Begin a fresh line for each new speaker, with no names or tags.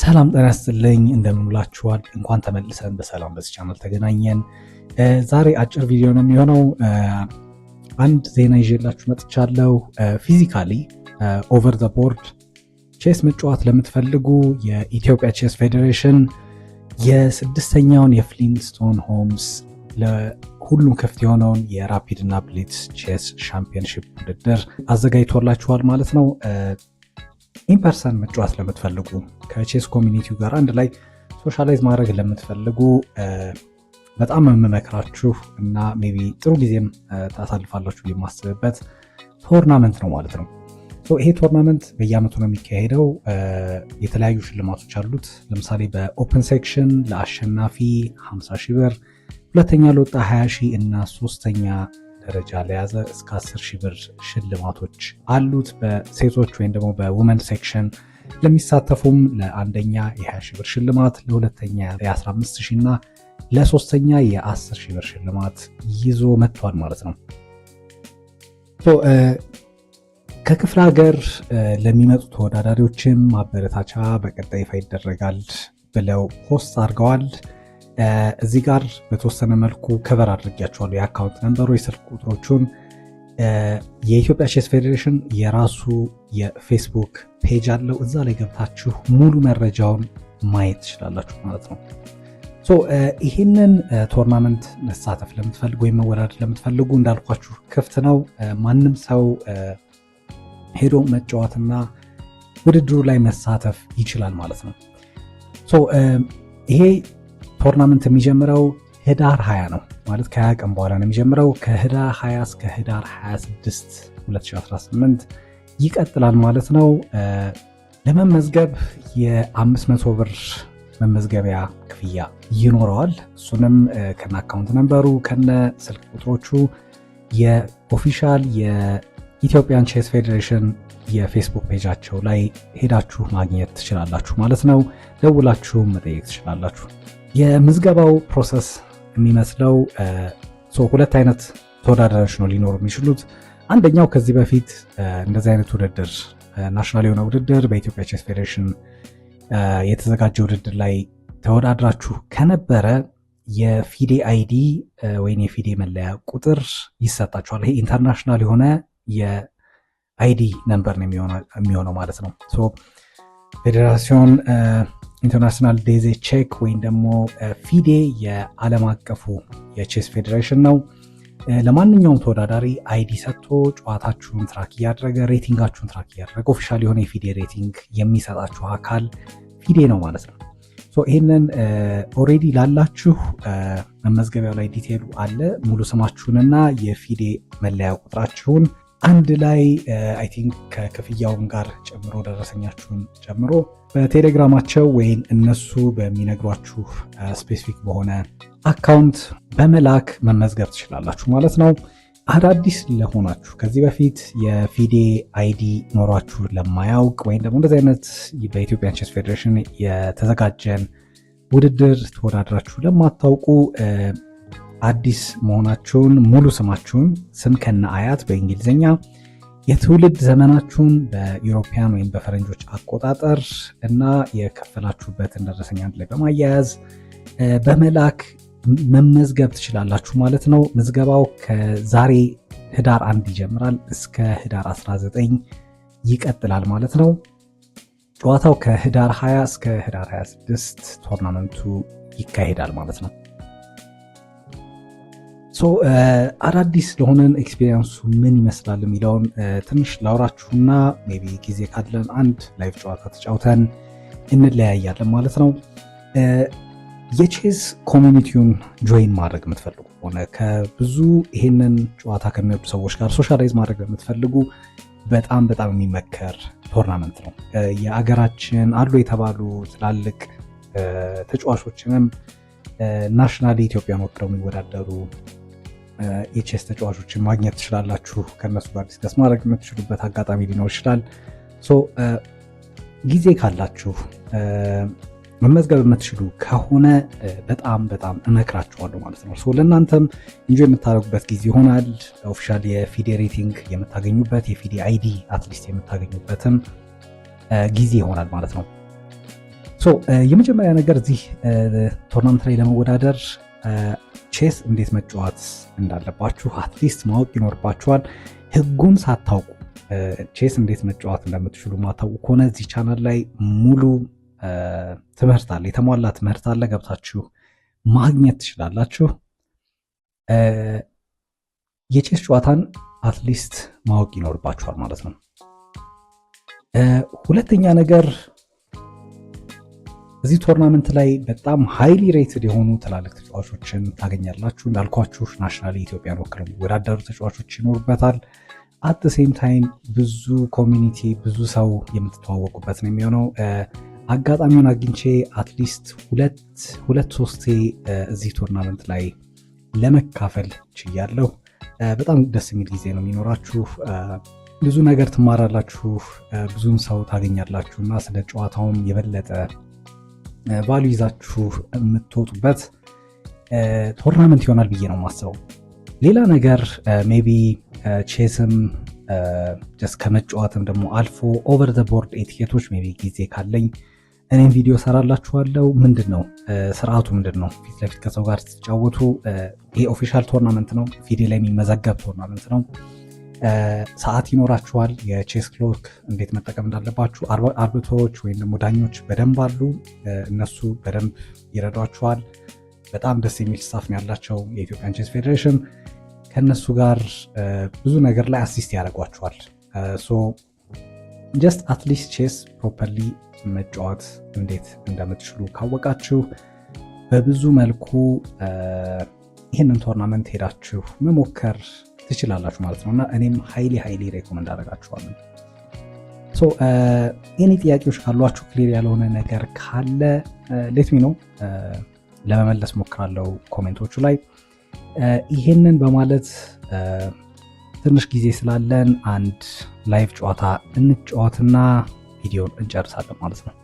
ሰላም ጠና ስትልኝ እንደምንላችኋል። እንኳን ተመልሰን በሰላም በዚህ ቻናል ተገናኘን። ዛሬ አጭር ቪዲዮ ነው የሚሆነው። አንድ ዜና ይዤላችሁ መጥቻለው ፊዚካሊ ኦቨር ዘ ቦርድ ቼስ መጫወት ለምትፈልጉ የኢትዮጵያ ቼስ ፌዴሬሽን የስድስተኛውን የፍሊንስቶን ሆምስ ለሁሉም ክፍት የሆነውን የራፒድ እና ብሊትስ ቼስ ሻምፒዮንሽፕ ውድድር አዘጋጅቶላችኋል ማለት ነው። ኢምፐርሰን መጫወት ለምትፈልጉ ከቼስ ኮሚኒቲው ጋር አንድ ላይ ሶሻላይዝ ማድረግ ለምትፈልጉ በጣም የምመክራችሁ እና ሜይ ቢ ጥሩ ጊዜም ታሳልፋላችሁ የማስብበት ቶርናመንት ነው ማለት ነው። ይሄ ቶርናመንት በየአመቱ ነው የሚካሄደው። የተለያዩ ሽልማቶች አሉት። ለምሳሌ በኦፕን ሴክሽን ለአሸናፊ 50 ሺህ ብር፣ ሁለተኛ ለወጣ 20 እና ሶስተኛ ደረጃ ለያዘ እስከ 10 ሺህ ብር ሽልማቶች አሉት። በሴቶች ወይም ደግሞ በውመን ሴክሽን ለሚሳተፉም ለአንደኛ የ20 ሺህ ብር ሽልማት፣ ለሁለተኛ የ15 ሺህ እና ለሶስተኛ የ10 ሺህ ብር ሽልማት ይዞ መጥቷል ማለት ነው። ከክፍለ ሀገር ለሚመጡ ተወዳዳሪዎችም ማበረታቻ በቀጣይ ይፋ ይደረጋል ብለው ፖስት አድርገዋል። እዚህ ጋር በተወሰነ መልኩ ከበር አድርጊያቸዋለሁ። የአካውንት ነንበሩ የስልክ ቁጥሮቹን። የኢትዮጵያ ቼስ ፌዴሬሽን የራሱ የፌስቡክ ፔጅ አለው። እዛ ላይ ገብታችሁ ሙሉ መረጃውን ማየት ትችላላችሁ ማለት ነው። ሶ ይህንን ቶርናመንት መሳተፍ ለምትፈልጉ ወይም መወዳደር ለምትፈልጉ እንዳልኳችሁ ክፍት ነው። ማንም ሰው ሄዶ መጫወትና ውድድሩ ላይ መሳተፍ ይችላል ማለት ነው። ይሄ ቶርናመንት የሚጀምረው ህዳር 20 ነው ማለት ከ ቀን በኋላ ነው የሚጀምረው። ከህዳር 20 እስከ ህዳር 26 2018 ይቀጥላል ማለት ነው። ለመመዝገብ የ500 ብር መመዝገቢያ ክፍያ ይኖረዋል። እሱንም ከነ አካውንት ነንበሩ ከነ ስልክ ቁጥሮቹ የኦፊሻል የኢትዮጵያን ቼስ ፌዴሬሽን የፌስቡክ ፔጃቸው ላይ ሄዳችሁ ማግኘት ትችላላችሁ ማለት ነው። ደውላችሁ መጠየቅ ትችላላችሁ። የምዝገባው ፕሮሰስ የሚመስለው ሁለት አይነት ተወዳዳሪዎች ነው ሊኖሩ የሚችሉት። አንደኛው ከዚህ በፊት እንደዚህ አይነት ውድድር ናሽናል የሆነ ውድድር በኢትዮጵያ ቼስ ፌዴሬሽን የተዘጋጀ ውድድር ላይ ተወዳድራችሁ ከነበረ የፊዴ አይዲ ወይም የፊዴ መለያ ቁጥር ይሰጣችኋል። ይሄ ኢንተርናሽናል የሆነ የአይዲ ነንበር ነው የሚሆነው ማለት ነው። ፌዴራሲዮን ኢንተርናሽናል ዴዜ ቼክ ወይም ደግሞ ፊዴ የዓለም አቀፉ የቼስ ፌዴሬሽን ነው። ለማንኛውም ተወዳዳሪ አይዲ ሰጥቶ ጨዋታችሁን ትራክ እያደረገ ሬቲንጋችሁን ትራክ እያደረገ ኦፊሻል የሆነ የፊዴ ሬቲንግ የሚሰጣችሁ አካል ፊዴ ነው ማለት ነው። ይህንን ኦሬዲ ላላችሁ መመዝገቢያው ላይ ዲቴሉ አለ። ሙሉ ስማችሁንና የፊዴ መለያ ቁጥራችሁን አንድ ላይ አይ ቲንክ ከክፍያውም ጋር ጨምሮ ደረሰኛችሁን ጨምሮ በቴሌግራማቸው ወይም እነሱ በሚነግሯችሁ ስፔሲፊክ በሆነ አካውንት በመላክ መመዝገብ ትችላላችሁ ማለት ነው። አዳዲስ ለሆናችሁ ከዚህ በፊት የፊዴ አይዲ ኖሯችሁ ለማያውቅ ወይም ደግሞ እንደዚህ አይነት በኢትዮጵያ ቼስ ፌዴሬሽን የተዘጋጀን ውድድር ተወዳድራችሁ ለማታውቁ አዲስ መሆናችሁን ሙሉ ስማችሁን ስም ከነ አያት በእንግሊዝኛ የትውልድ ዘመናችሁን በዩሮፒያን ወይም በፈረንጆች አቆጣጠር እና የከፈላችሁበትን ደረሰኝ አንድ ላይ በማያያዝ በመላክ መመዝገብ ትችላላችሁ ማለት ነው። ምዝገባው ከዛሬ ህዳር አንድ ይጀምራል እስከ ህዳር 19 ይቀጥላል ማለት ነው። ጨዋታው ከህዳር 20 እስከ ህዳር 26 ቶርናመንቱ ይካሄዳል ማለት ነው። Uh, አዳዲስ ለሆነን ኤክስፔሪንሱ ምን ይመስላል የሚለውን uh, ትንሽ ላውራችሁና ቢ ጊዜ ካለን አንድ ላይፍ ጨዋታ ተጫውተን እንለያያለን ማለት ነው። የቼዝ ኮሚኒቲውን ጆይን ማድረግ የምትፈልጉ ከሆነ ከብዙ ይሄንን ጨዋታ ከሚወዱ ሰዎች ጋር ሶሻላይዝ ማድረግ የምትፈልጉ በጣም በጣም የሚመከር ቶርናመንት ነው። uh, የአገራችን አሉ የተባሉ ትላልቅ ተጫዋቾችንም ናሽናል ኢትዮጵያን ወክለው የሚወዳደሩ የቼስ ተጫዋቾችን ማግኘት ትችላላችሁ። ከእነሱ ጋር ዲስከስ ማድረግ የምትችሉበት አጋጣሚ ሊኖር ይችላል። ሶ ጊዜ ካላችሁ መመዝገብ የምትችሉ ከሆነ በጣም በጣም እመክራችኋለሁ ማለት ነው። ለእናንተም እንጆ የምታደርጉበት ጊዜ ይሆናል። ኦፊሻል የፊዴ ሬቲንግ የምታገኙበት የፊዴ አይዲ አትሊስት የምታገኙበትም ጊዜ ይሆናል ማለት ነው። የመጀመሪያ ነገር እዚህ ቶርናመንት ላይ ለመወዳደር ቼስ እንዴት መጫወት እንዳለባችሁ አትሊስት ማወቅ ይኖርባችኋል። ህጉን ሳታውቁ ቼስ እንዴት መጫወት እንደምትችሉ ማታውቁ ከሆነ እዚህ ቻናል ላይ ሙሉ ትምህርት አለ፣ የተሟላ ትምህርት አለ። ገብታችሁ ማግኘት ትችላላችሁ። የቼስ ጨዋታን አትሊስት ማወቅ ይኖርባችኋል ማለት ነው። ሁለተኛ ነገር እዚህ ቶርናመንት ላይ በጣም ሃይሊ ሬትድ የሆኑ ትላልቅ ተጫዋቾችን ታገኛላችሁ። እንዳልኳችሁ ናሽናል ኢትዮጵያን ወክለው የሚወዳደሩ ተጫዋቾች ይኖሩበታል። አት ሴም ታይም ብዙ ኮሚኒቲ፣ ብዙ ሰው የምትተዋወቁበት ነው የሚሆነው። አጋጣሚውን አግኝቼ አትሊስት ሁለት ሶስቴ እዚህ ቶርናመንት ላይ ለመካፈል ችያለሁ። በጣም ደስ የሚል ጊዜ ነው የሚኖራችሁ። ብዙ ነገር ትማራላችሁ፣ ብዙን ሰው ታገኛላችሁ እና ስለ ጨዋታውም የበለጠ ቫሉ ይዛችሁ የምትወጡበት ቶርናመንት ይሆናል ብዬ ነው የማስበው። ሌላ ነገር ሜቢ ቼስም ስ ከመጫወትም ደግሞ አልፎ ኦቨር ዘ ቦርድ ኤቲኬቶች ቢ ጊዜ ካለኝ እኔም ቪዲዮ ሰራላችኋለው ምንድን ነው ስርዓቱ? ምንድን ነው ፊት ለፊት ከሰው ጋር ስትጫወቱ ይሄ ኦፊሻል ቶርናመንት ነው፣ ፊዴ ላይ የሚመዘገብ ቶርናመንት ነው። ሰዓት ይኖራችኋል። የቼስ ክሎክ እንዴት መጠቀም እንዳለባችሁ አርብቶዎች ወይም ደግሞ ዳኞች በደንብ አሉ። እነሱ በደንብ ይረዷችኋል። በጣም ደስ የሚል ስታፍ ነው ያላቸው። የኢትዮጵያን ቼስ ፌዴሬሽን ከእነሱ ጋር ብዙ ነገር ላይ አሲስት ያደርጓችኋል። ሶ ጀስት አትሊስት ቼስ ፕሮፐርሊ መጫወት እንዴት እንደምትችሉ ካወቃችሁ በብዙ መልኩ ይህንን ቶርናመንት ሄዳችሁ መሞከር ትችላላችሁ ማለት ነው እና እኔም ሀይሊ ሀይሊ ሬኮመንድ አደርጋችኋለሁ። የኔ uh, ጥያቄዎች ካሏችሁ ክሊር ያልሆነ ነገር ካለ ሌትሚ uh, ነው uh, ለመመለስ ሞክራለው ኮሜንቶቹ ላይ። ይሄንን በማለት ትንሽ ጊዜ ስላለን አንድ ላይቭ ጨዋታ እንጫወትና ቪዲዮን እንጨርሳለን ማለት ነው።